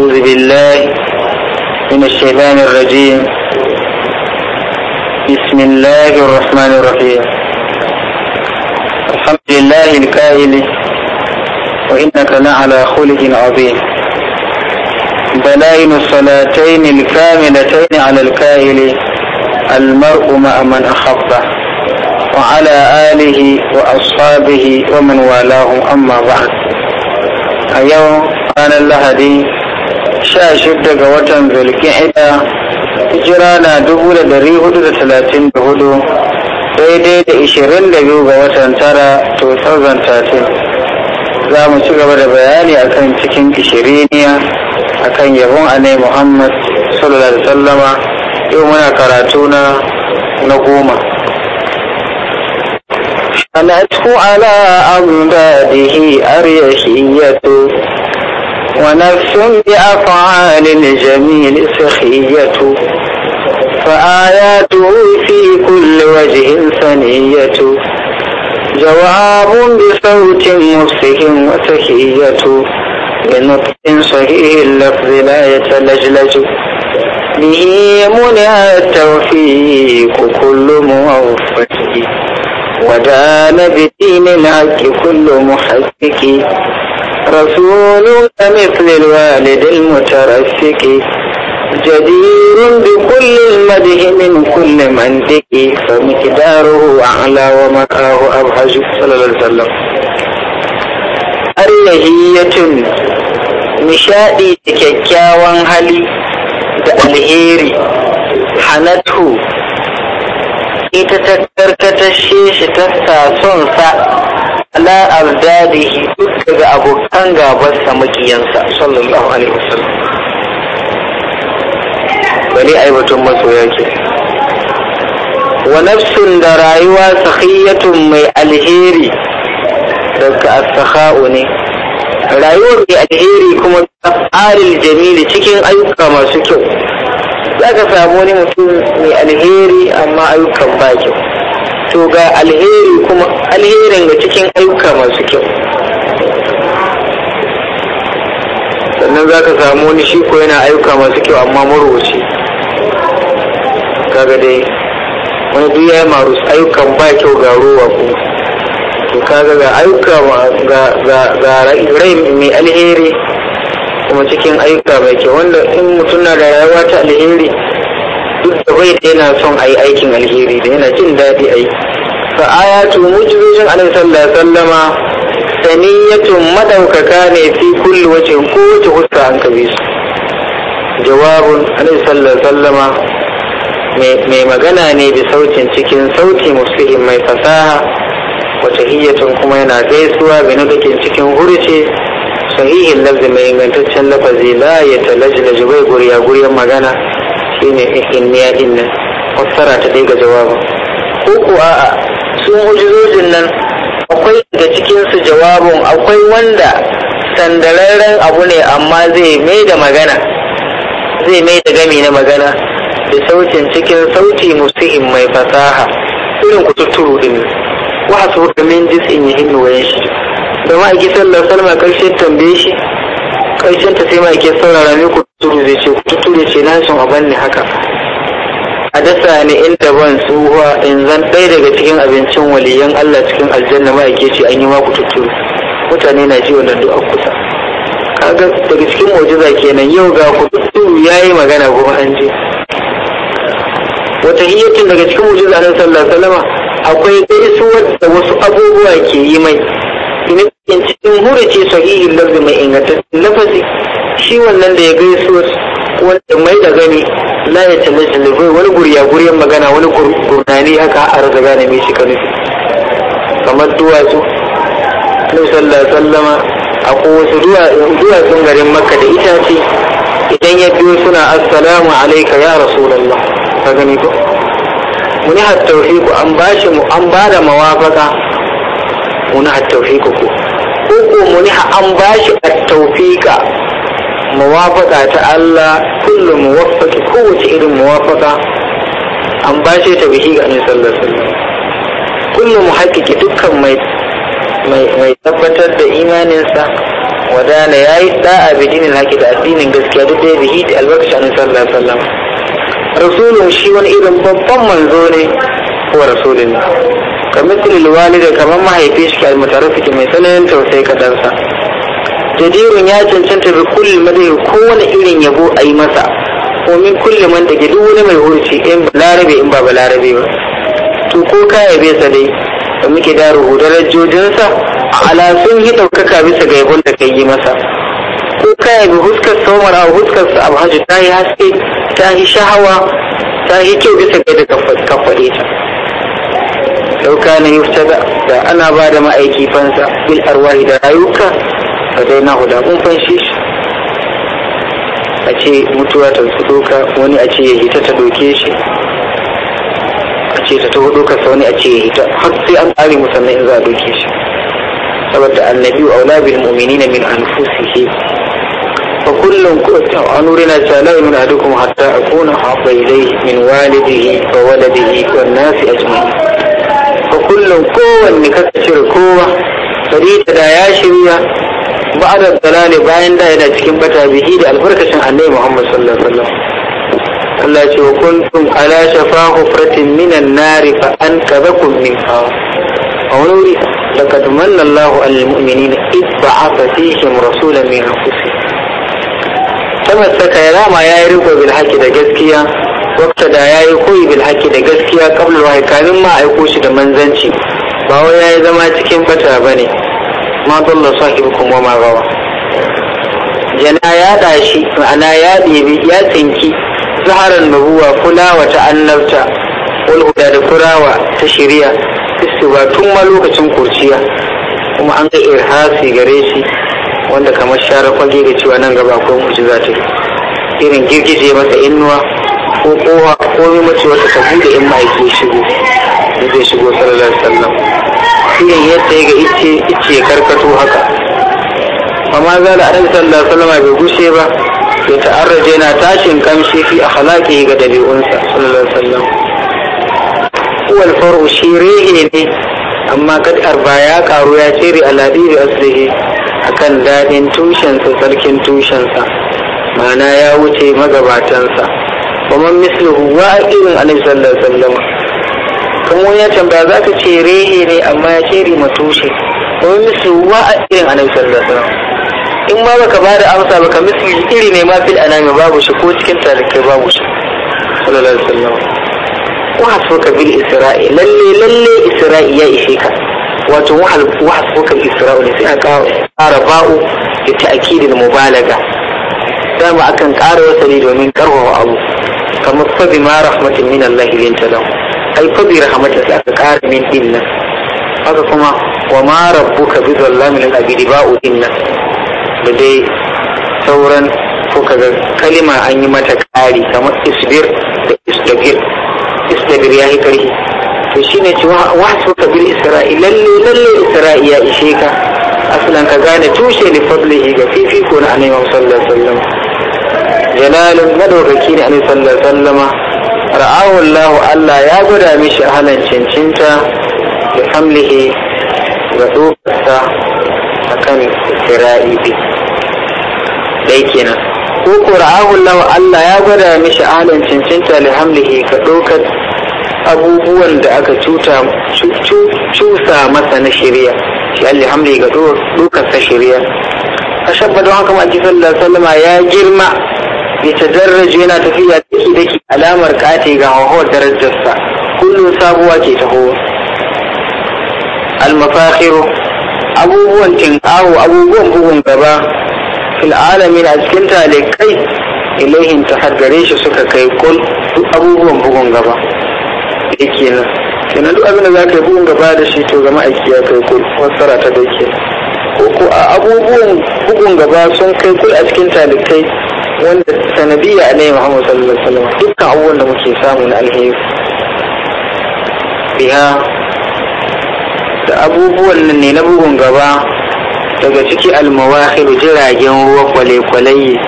أعوذ بالله من الشيطان الرجيم بسم الله الرحمن الرحيم الحمد لله الكائل وإنك لعلى خلق عظيم بلاين الصلاتين الكاملتين على الكائل المرء مع من أحبه وعلى آله وأصحابه ومن والاه أما بعد اليوم قال الله lahadi sha shidda ga watan zulkihida hijira na dubu da dari hudu da talatin da hudu daidai da ishirin da biyu ga watan tara 2013 za mu ci gaba da bayani akan cikin ishiriniya akan yabon anai muhammad sallallahu alaihi sallama yau muna karatu na na goma أنته على أمداده أريحية ونفس بأفعال الجميل سخية فآياته في كل وجه ثنية جواب بصوت مفسه وسخية بنطق صحيح اللفظ لا يتلجلج به منع التوفيق كل موفق ودان بدين العدل كل محقق رسول مثل الوالد المترسك جدير بكل المده من كل منطق فمقداره أعلى ومكاه أبهج صلى الله عليه وسلم أريهية نشادي تككاوان هلي da حنته hanatu ita ta karkatashe shi ta sa son sa ala azdadihi duk daga abokan gabarsa makiyansa sallallahu alaihi wasallam bane aibatun masoya ke wa nafsun da rayuwa sahiyatun mai alheri daga as ne rayuwar mai alheri kuma tsarin jamili cikin ayyuka masu kyau za ka samu wani mutum mai alheri amma ayyukan ba kyau to ga alheri kuma alherin ga cikin ayyuka masu kyau sannan za ka samu wani shi ko yana ayyuka masu kyau amma marowaci kaga dai wani duk ya maru ayyukan ba kyau ga rowa ko to kaga ga ayyuka ga rai mai alheri kuma cikin ayyuka mai kyau wanda in mutum na da rayuwa ta alheri zubair yana son a yi aikin alheri da yana jin daɗi a yi fa ayatu mujibin alaihi sallallahu alaihi sallama saniyatun madaukaka ne fi kulli wace ko wace huska an kabe su jawabun alaihi sallallahu alaihi sallama mai magana ne da sautin cikin sauti muslimin mai fasaha Wace hiyatun kuma yana gaisuwa binu dakin cikin hurce sahihin lafzi mai ingantaccen lafazi la ya talajlaji bai guriya guriyar magana shine ihimmiya din nan fassara ta dai ga jawabu ko ko a'a su mu'jizojin nan akwai da cikinsu jawabin akwai wanda sandararren abu ne amma zai mai da magana zai mai da gami na magana da sautin cikin sauti musihin mai fasaha irin kututturu din wa su min jis'in hinnu wa shi? da ma'aikisar sallar salma karshen tambaye shi karshen ta sai ma'aikisar saurara ku tudu zai ce tudu zai ce na sun aban ne haka a dasa ne inda ban tsuwa in zan ɗaya daga cikin abincin waliyan Allah cikin aljanna ma yake ce an yi maku tutturu mutane na ji wannan du'a kusa kaga daga cikin mu'jiza kenan yau ga ku tutturu yayi magana kuma an je wata hiyatin daga cikin mu'jiza na sallallahu alaihi wasallam akwai gaisuwar da wasu abubuwa ke yi mai in cikin huruci sahihin lafzi mai ingantaccen lafazi shi wannan da ya gaiso wanda mai da gani la ya tamar jalifai wani guriya guryan magana wani gurnani haka a rasa gane mai shi kanu kamar duwatsu na sallah sallama a kowace duwatsun garin makka da itace idan ya biyo suna assalamu alaika ya rasulallah ka gani ko muni hattaufiku an ba shi mu an ba da mawafaka muni hattaufiku ko ko muni an ba shi attaufiqa muwafaka ta Allah kullum muwafaka kowace irin muwafaka an ba shi ta bihi ga annabi sallallahu alaihi wasallam kullum muhaqqiqi dukkan mai mai tabbatar da imaninsa wadana yayi da'a bi dinin haƙi da addinin gaskiya duk da bihi da albarkashi annabi sallallahu alaihi wasallam rasulun shi wani irin babban manzo ne ko rasulun kamar tilil walida kamar mahaifi shi ke almutarafi mai tsananin tausayi kadansa jadirun ya cancanta da kulli madai kowane irin yabo a yi masa ko min kulli man da duk wani mai hurci in larabe in ba ba larabe ba to ko kaya bai sa dai da muke da rubuta rajojinsa ala sun yi ɗaukaka bisa ga yabon da kai yi masa ko kaya yabe huskar saumar a huskar sa abu hajji ta yi haske ta yi shahawa ta yi kyau bisa ga da kafaɗe ta dauka na yi da ana ba da ma'aiki fansa bil arwahi da rayuka ba zai na huda mun fanshe shi a ce mutuwa ta su doka wani a ce ya hita ta doke shi a ce ta taho dokarsa wani a ce ya hita har sai an tsari musamman in za a doke shi saboda annabi wa bin bil na min anfusihim fa kullum ta kuntum anurina sala min kuma hatta akuna habba ilayhi min walidihi wa waladihi wan nasi ajma'in fa kullum kowanne kaka cire kowa farida da ya shirya بعد الضلال باين دا ينا تكين بتا بهيد البركة شن عني محمد صلى الله عليه وسلم قال لك وكنتم على شفا غفرة من النار فأنكبكم منها أولوري لقد من الله على المؤمنين إذ بعث فيهم رسولا من أنفسهم كما استكيلا ما يعرف بالحق دا جزكيا وقت دا يعيقوي بالحق دا جزكيا قبل الوحي كان ما يقوش دا منزنشي فهو يا إذا ما تكين بتا بني ma dalla sahibukum wa ma gawa Jana ya dashi ma'ana ya ɗebi ya tsinki zaharar nubuwa kulawa ta annabta walhuda da kurawa ta shirya istiwa tun ma lokacin kurciya kuma an ga irhasi gare shi wanda kamar share kwage da cewa nan gaba ko za ta irin girgije masa innuwa ko kowa ko mace wata ta bude in ma'aike shigo zai shigo sallallahu alaihi irin yadda ya ga ice ice karkato haka amma da a sallar salama bai gushe ba ya ta'arraje na tashin kamshi fi a halaƙe ga dabi'unsa sallar sallam. wasallam faru shi rehe ne amma kad'ar ba ya karu ya cire aladi bi a akan daɗin tushensa sarkin tushensa ma'ana ya wuce magabatansa kuma misli وائل irin صلى sallar عليه mu ya tambaya za ka ce rehe ne amma ya ce rima tushe kuma misli wa a irin annabi sallallahu alaihi wasallam in ma baka ba da amsa baka misli iri ne ma fil anami babu shi ko cikin tarikai babu shi sallallahu alaihi wasallam wahasuka bil isra'i lalle lalle isra'i ya ishe ka wato wahasuka bil isra'i ne sai a ƙara ba'u da ta'kidin mubalaga dama akan ƙara wasali domin karwa abu kamar fa bi ma rahmatin min Allah lin talahu ai fadi bi rahmatika aka kara min din nan haka kuma wa ma rabbuka bi zallami lil abidi ba'u din nan da dai sauran ko kaga kalima an yi mata kari kamar isbir da isdabir isdabir yayi karhi to shine ci ka bil isra'ila lalle lalle ya ishe ka aslan ka gane tushe li fadlihi ga fifiko na annabi sallallahu alaihi wasallam jalalun madaukaki ne annabi sallallahu alaihi wasallama ra'ahu Allah Allah ya gwada mishi halin cincinta da hamlihi ga tsofarsa a kan isra'ibi dai kenan ko ko Allah Allah ya gwada mishi halin cincinta da hamlihi ka ɗaukar abubuwan da aka cuta cusa masa na shirya shi alhamdi ga ɗaukar sa shirya a shabba don haka ma'aji sallallahu alaihi ya girma ya tadarraji yana tafiya ciki da alamar kati ga hauhawar darajarsa kullum sabuwa ke taho almafakiro abubuwan tinkawo abubuwan bugun gaba fil alamin a cikin talikai ilahin ta gare shi suka kai kul duk abubuwan bugun gaba da kenan kenan duk abin da za ka yi bugun gaba da shi to ga ma'aiki ya kai kul fassara ta da ke ko a abubuwan bugun gaba sun kai kul a cikin talikai wanda sanadiyya nai Muhammadu sallallahu alaihi wasallam dukkan abubuwan da muke samu na alheri biha da abubuwan nan ne na bugun gaba daga ciki almawahir jiragen ruwa kwale-kwale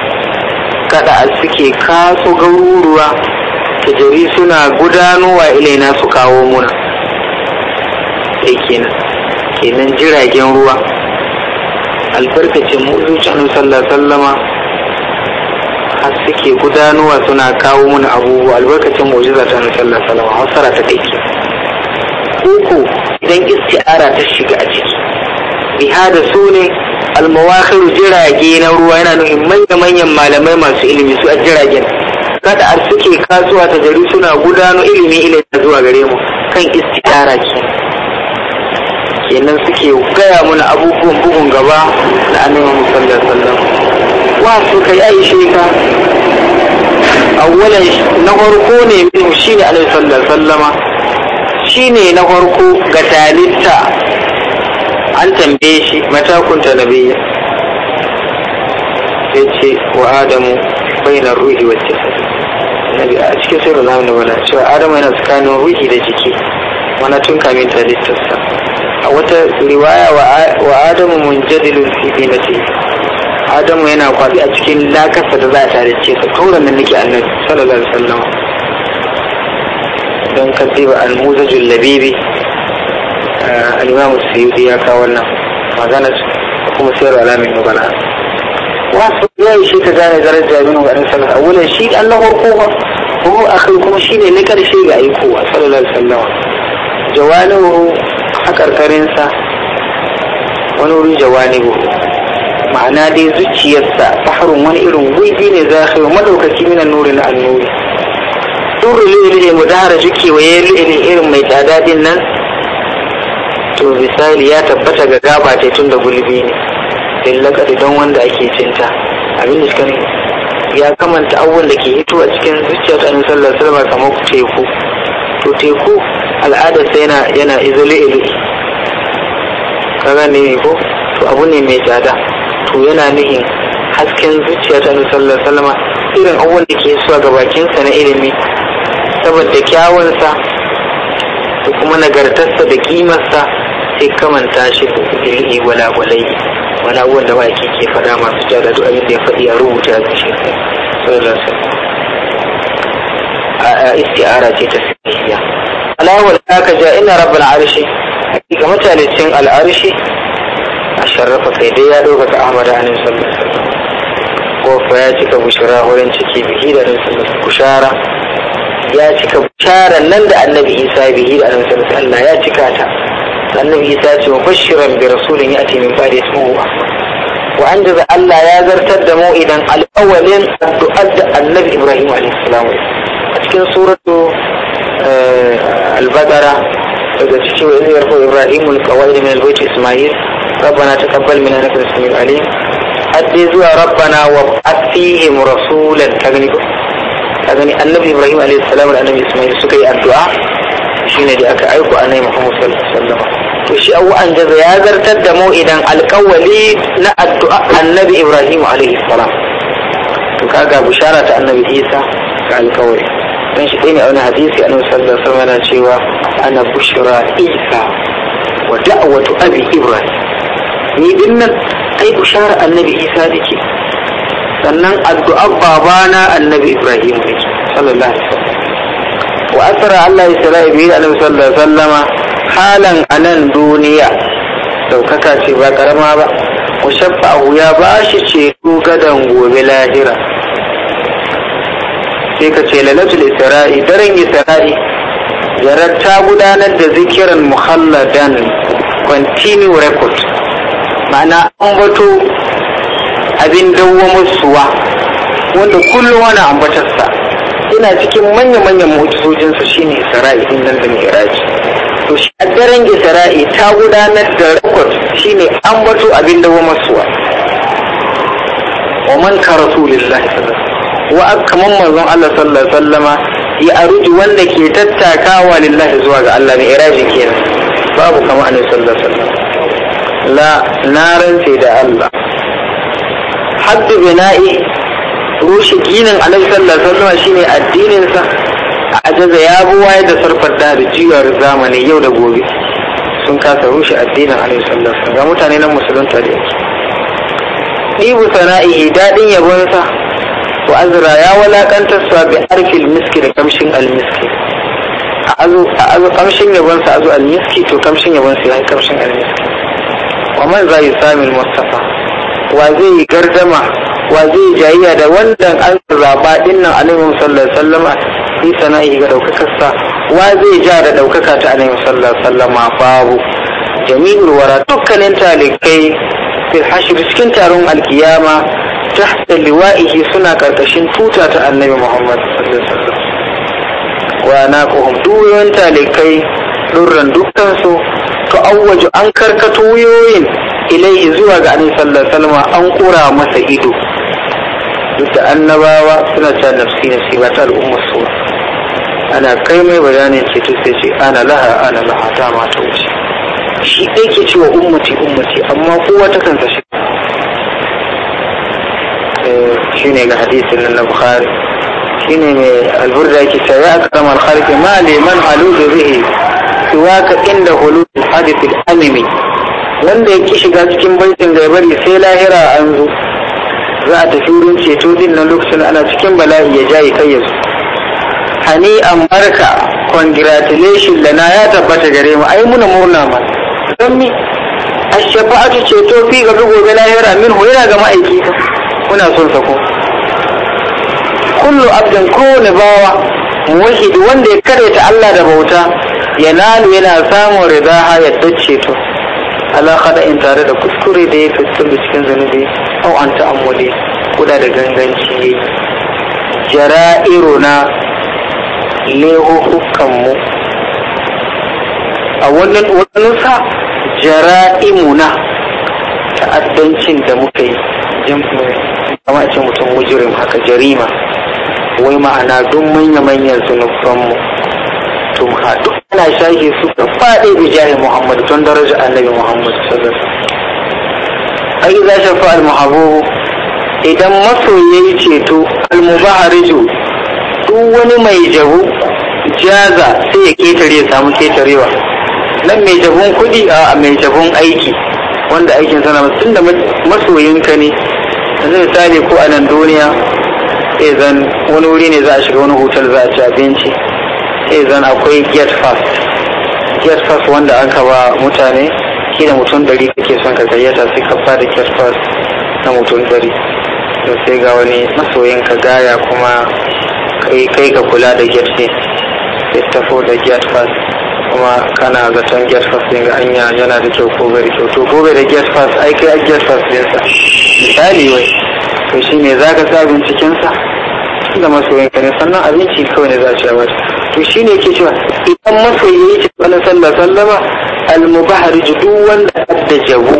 kada a suke kaso garuruwa tajari suna gudanowa ilaina su kawo muna sai kenan kenan jiragen ruwa albarkacin muzucin sallallahu sallama har suke gudanuwa suna kawo mun abubuwa albarkacin mu'jiza ta nabi salama alaihi ta kai uku idan isti'ara ta shiga a ciki biha da su ne almawakhiru jirage na ruwa yana nuhin manya-manyan malamai masu ilimi su a jiragen kada a suke kasuwa ta gari suna gudanu ilimi ta zuwa gare mu kan isti'ara ke kenan suke gaya mana abubuwan bugun gaba da annabi musallar sallar. wa su kai aishe ka awwalan na farko ne min shi ne alaihi sallallahu sallama shi ne na farko ga talitta an tambaye shi matakunta nabiyya yace ce wa adamu bainar ruhi wa jasad nabi a cikin da zamu da wala cewa adamu yana tsakanin ruhi da jiki wani tun kamin sa a wata riwaya wa adamu munjadilun fi dinati adamu yana kwafi a cikin lakasa da za a tare ce ta kauran nan nake annabi sallallahu alaihi wasallam don kadiba al-muzajul labibi al-imam suyuti ya kawo wannan magana kuma sayar alamin nubala wasu ya yi shi ta gane darajar ga wa sallallahu alaihi wasallam shi Allah ko هو أخي كما شيني نكر شيء أي قوة صلى الله عليه وسلم جوانبه حكر كرنسا ونور جوانبه ma'ana dai zuciyarsa ta harin wani irin gulbi ne zahiru madaukaki minan nuri na annuri duru lili ne mu dara juke waye lili irin mai tsada din nan to misali ya tabbata ga gaba ta tun da gulbi ne lillakati don wanda ake cinta abin da suka ya kamanta abubuwan da ke hito a cikin zuciya ta annabi sallallahu alaihi wasallam kamar teku to teku al'adarsa yana yana izole ile kaga ne ko to abu ne mai tsada to yana nuhin hasken zuciya ta annabi sallallahu irin abubuwan da ke zuwa ga bakinsa na ilimi saboda kyawunsa da kuma nagartarsa da kimarsa sai kamanta shi ilimi gwalagwalai wani abubuwan da baki ke faɗa masu jada duk abin da ya faɗi a rubuta da shi sallallahu alaihi isti'ara ce ta sahiya alawal ka ja ina rabbul arshi mutane cin al'arshi sharrafa sai dai ya ɗaukaka ahmad anin sallar kofa ya cika bushara wurin ciki bihi da anin sallar Kushara ya cika bushara nan da annabi isa bihi da anin sallar allah ya cika ta annabi isa ce wa bashiran bi rasulin ya ce min bada ismuhu wa an jaza allah ya zartar da mau'idan al'awalin addu'ar da annabi ibrahim alaihi a cikin suratu eh, al-baqara daga cikin wa ibrahim al-qawaid min al-bayt isma'il ربنا تقبل منا انك انت السميع العليم hadde zuwa rabbana wa atihim rasulan ka gani ka gani annabi ibrahim alayhi suka yi addu'a shine da aka aiko annabi muhammad to shi awu an jaza ya zartar da mu idan alƙawali na addu'a annabi ibrahim alayhi salam to kaga bushara ta annabi isa ga alƙawari dan shi ne a wani hadisi annabi sallallahu alaihi wasallam yana cewa ana bushra isa wa da'watu abi ibrahim ni nan ai bushara annabi isa ke, sannan addu'ar babana annabi ibrahim ne. sallallahu alaihi wa asara allah isra'i bi annabi sallallahu alaihi wasallama halan anan duniya daukaka ce ba karama ba ku wuya ya shi ceto gadan gobe lahira sai ka ce lalatul isra'i daren isra'i yarar ta gudanar da zikiran muhalladan continue record ma'ana ambato abin dawwamarsuwa wanda kullum wani ambatarsa Ina cikin manya-manyan motocojinsa shine sarai din nan da miraji to shi a daren isra'i ta gudanar da rikot shine ambato abin dawwamarsuwa wa man ka rasulillahi wa akaman manzon Allah sallallahu alaihi wasallama ya aruji wanda ke tattakawa lillahi zuwa ga Allah ne iraji kenan babu kama annabi sallallahu alaihi wasallam la na rance da Allah haddu bina'i rushe ginin alaihi sallallahu alaihi wasallam shine addinin a jaza ya buwaye da sarfar da jiyar zamani yau da gobe sun kasa rushe addinin alaihi sallallahu alaihi ga mutane nan musulunta da yake ɗibu sana'ihi daɗin yabonsa wa azra ya walakantar sa bi arfil miski da kamshin almiski a azu kamshin yabonsa azu almiski to kamshin yabonsa ya kamshin almiski Aman man za yi samun mustafa wa zai yi gardama wa zai yi jayayya da wannan an zaba dinnan alaihi sallallahu alaihi wasallama fi sana'i ga daukakarsa wa zai ja da daukaka ta alaihi sallallahu alaihi wasallama babu jami'ul wara dukkanin talikai fil hashir cikin taron alkiyama tahta liwa'ihi suna karkashin tuta ta annabi muhammad sallallahu alaihi talikai haɗurran dukkansu to awwaju an karkato wuyoyin ilaihi zuwa ga annabi sallallahu alaihi wasallam an kura masa ido duk da annabawa suna ta nafsi nafsi shi ta al'umma su ana kai mai bayanin ceto sai ce ana laha ana laha ta mata wuce shi ɗai ke cewa ummati ummati amma kowa ta kansa shi eh, shi ne ga hadisin nan na bukhari shi ne mai alburda yake cewa ya akrama alkhalqi ma liman da zai siwaka inda hulul hadith al-amimi wanda ya shiga cikin baitin gaibari sai lahira an zo za a tafi wurin ceto din nan lokacin ana cikin bala'i ya jayi kai yanzu hani an barka congratulation da na ya tabbata gare mu ai muna murna ma don mi ashfa'atu ce ceto fi ga gobe lahira min hu yana ga ma'aiki ka muna son sako kullu abdan kowane bawa muwahidi wanda ya kareta Allah da bauta yanalu yana samun ha ya dace to alaka in tare da kuskure da ya fitar da cikin zunubi au an ta'ammuli kuda da ganganci jara'iruna lehuhukanmu a wannan wadansa jara'imuna ta'addancin da muka yi kama ce mutum mujirin haka jarima wai ma'ana duk manya-manyan zunubanmu sun duk ana shahi su da faɗi da jahi muhammad don daraja annabi muhammad sallallahu alaihi wasallam ai za al-muhabbu idan masoyi ceto al-mubahariju duk wani mai jabu jaza sai ya ketare ya samu ketarewa nan mai jabun kuɗi a mai jabun aiki wanda aikin sana tun da masoyinka ne yanzu misali ko a nan duniya eh, zan wani wuri ne za a shiga wani hotel za a ci abinci sai zan akwai get fast get fast wanda an ba mutane da mutum dari kake son ka gayyata sai ka fada get fast na mutum dari to sai ga wani masoyin ka gaya kuma kai kai ka kula da get ne sai tafo da get fast kuma kana zaton get fast din ga anya yana da kyau ko bai kyau to gobe da get fast ai kai a get fast din sa misali wai to shine zaka sa binciken sa da masu ka ne sannan abinci kawai ne za su yi masa to shi ne yake cewa idan masoyi ya ce wani sallah sallama almubahari ji duk wanda da jabu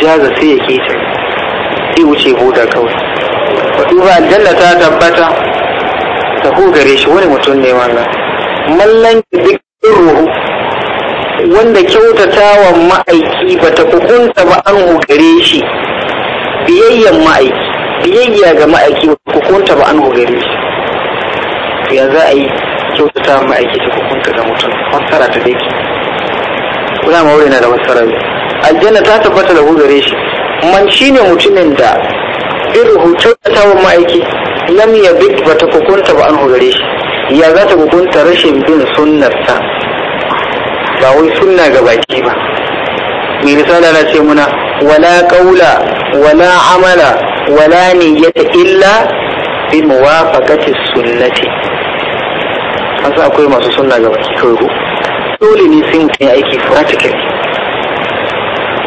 jaza sai ya keta sai wuce buda kawai wato ba aljanna ta tabbata ta ko gare shi wani mutum ne wannan mallan duk ruhu wanda wa ma'aiki ba ta hukunta ba an gare shi biyayyen ma'aiki biyayya ga ma'aiki kunta ba an gare shi ya za a yi kyautata ma'aiki ta kunta ga mutum fassara ta dai kuna maure na da fassara ne aljanna ta tabbata da gare shi man shine mutumin da irin kyautata wa ma'aiki lam ya bi ba ta kunta ba an gare shi ya za ta kunta rashin bin ta ba wai sunna ga baki ba mai risala na ce muna wala kaula wala amala wala niyyata illa bi muwafaqati sunnati an sa akwai masu sunna ga baki kawai ko dole ne sai mutum ya aiki practical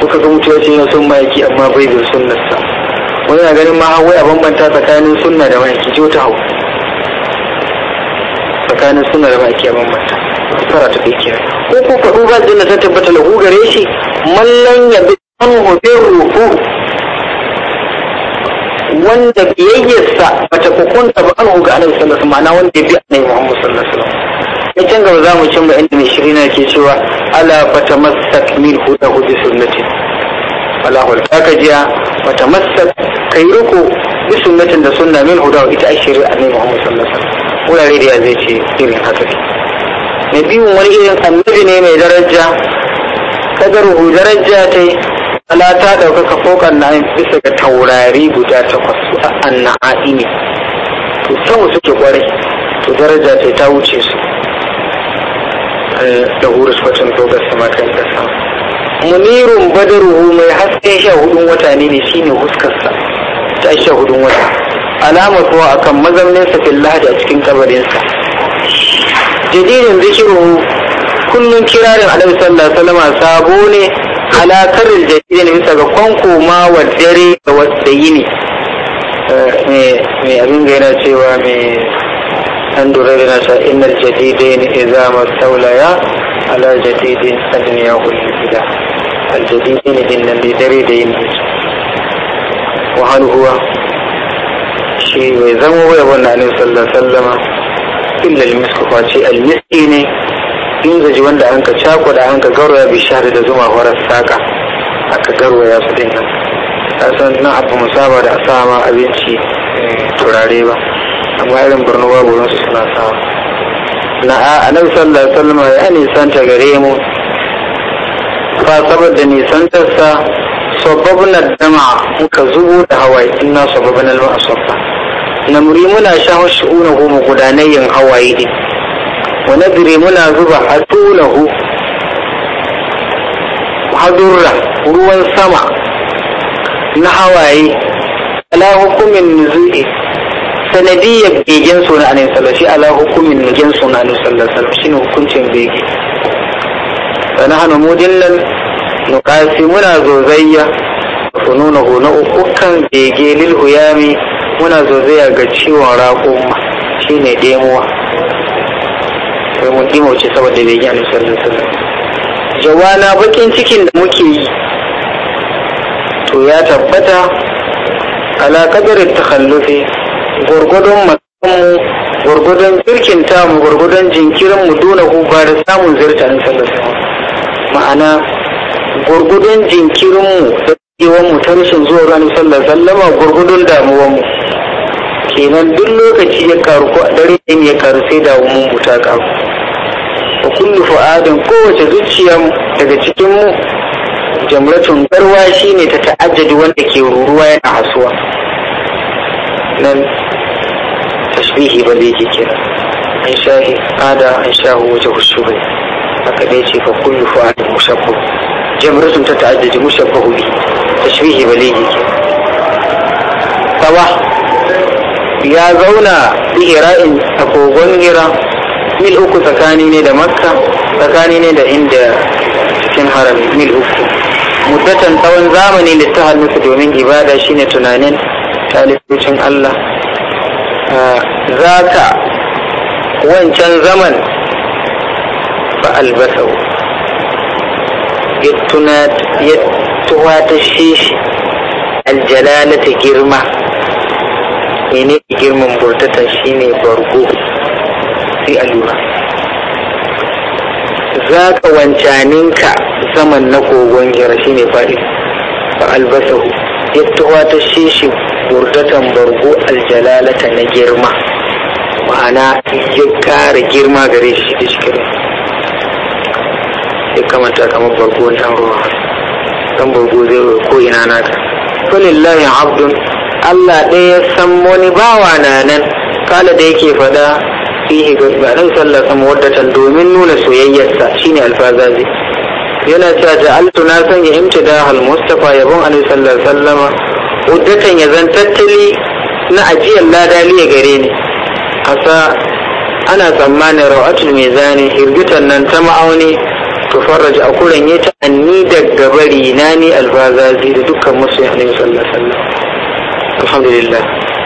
kuka ga mutum ya ce yau sun mayaki amma bai bin sunnarsa wani na ganin ma hawai a bambanta tsakanin sunna da mayaki ji wata hau tsakanin sunna da mayaki a bambanta fara ta kai kira ko ko faɗu ba zai na tabbata lahu gare shi mallan ya bi an hobe rufu wanda biyayyarsa bata kukunta ba anhu ga annabi sallallahu alaihi ma'ana wanda ya bi annabi Muhammad sallallahu alaihi wasallam ya can gaba za mu cin ba inda mai na ke cewa ala masak min hudahu bi sunnati ala hul ka jiya Ka kai riko bi sunnatin da sunna min hudahu ita ashiri annabi Muhammad sallallahu alaihi wasallam wurare da ya zai ce irin haka ne biyu wani irin annabi ne mai daraja kadaruhu daraja ta ala ta ɗaukaka fokan na bisa ga taurari guda takwas an na ne to sama suke kware, to daraja ce ta wuce su eh, da su skwacin togar sama kan kasa munirun badaruhu mai haske sha hudun wata ne ne shine huskarsa ta sha hudun wata alamar kuwa akan sa fillah a cikin kabarinsa jadidin zikiru kullum kirarin alaihi sallallahu alaihi sabo ne Halakar sarrin jahilin bisa ga kwanko ma wa dare da wasu yini mai abin ga yana cewa mai an dora da nasa inar jadidin iza masaulaya ala jadidin adniya hulli gida aljadidin din nan da dare da yini wa hannuwa shi bai zama waya wannan alaihi sallallahu alaihi sallama illa almisku face almiski ne yin ji wanda an ka cako da an ka garwaya bishari da zuma horar saka ka garwaya su din nan kasan nan abu musaba da asa ma abinci eh, turare ba amma irin birni babu wasu suna sawa na a nan sallar salma ya nisan ta gare mu fa saboda nisan ta sa sababna dama ka zubo da hawaye inna sababna al na namri muna shahu shu'una mu gudanayyin hawaye din wa nadiri muna zuba hasulahu hadurra ruwan sama na hawaye ala hukumin nuzuli sanadiyyar begen suna a nisala shi ala hukumin begen suna a nisala shi ne hukuncin bege Da sana hannu mujillan nukasi muna zozayya fununa na ukukan bege lil huyami muna zozayya ga ciwon raƙon shi ne demuwa sai mu kima wuce saboda bai gina sallallahu alaihi jawana bakin cikin da muke yi to ya tabbata ala kadarin takhallufi gurgudun mu gurgudun zirkin tamu gurgudun jinkirin mu dole ko ba da samun zirtan sallallahu alaihi ma'ana gurgudun jinkirin mu da yawan mu ta zuwa ranar Sallar sallama wasallama gurgudun mu kenan duk lokaci ya karu ko a dare in ya karu sai da mu muta ka ko kullu fu'adin kowace zuciya daga cikin mu jamratun garwa shine ta ta'ajjadi wanda ke ruruwa yana hasuwa nan tashbihi ba zai kira an shahi ada an shahu wajen husubai haka dai ce fa kullu fu'adin mushabbu jamratun ta ta'ajjadi mushabbahu bi tashbihi ba zai kira sawa ya zauna fi ira'in a kogon hira mil uku tsakani ne da makka tsakani ne da inda cikin haram mil uku muddatan tsawon zamani da ta musu domin ibada shine tunanin talibocin Allah Za ka wancan zaman ba albasau ya tuwa ta shi aljalala ta girma mene girman burtatan shine bargo sai a lura za ka wancaninka zaman na kogon hira shine faɗi fa albasahu ya ta shi burdatan bargo aljalalata na girma ma'ana ya ƙara girma gare shi da shi ya kamata kamar bargo na ruwa dan bargo zai ko ina naka falillahi abdun Allah ɗaya ya san wani bawa na nan kala da yake faɗa fihi ga ɗan sallar sama waddatan domin nuna soyayyarsa shine alfazazi yana cewa ja'altu na ya sanya imtida hal mustafa yabon annabi sallallahu sallar wasallama waddatan ya zan tattali na ajiyar ladali ya gare ni asa ana tsammanin mai zane hirgitan nan ta ma'auni to tufarraj a kuren ya ta ni daga bari na ni alfazazi da dukkan musu ya annabi sallar alaihi الحمد لله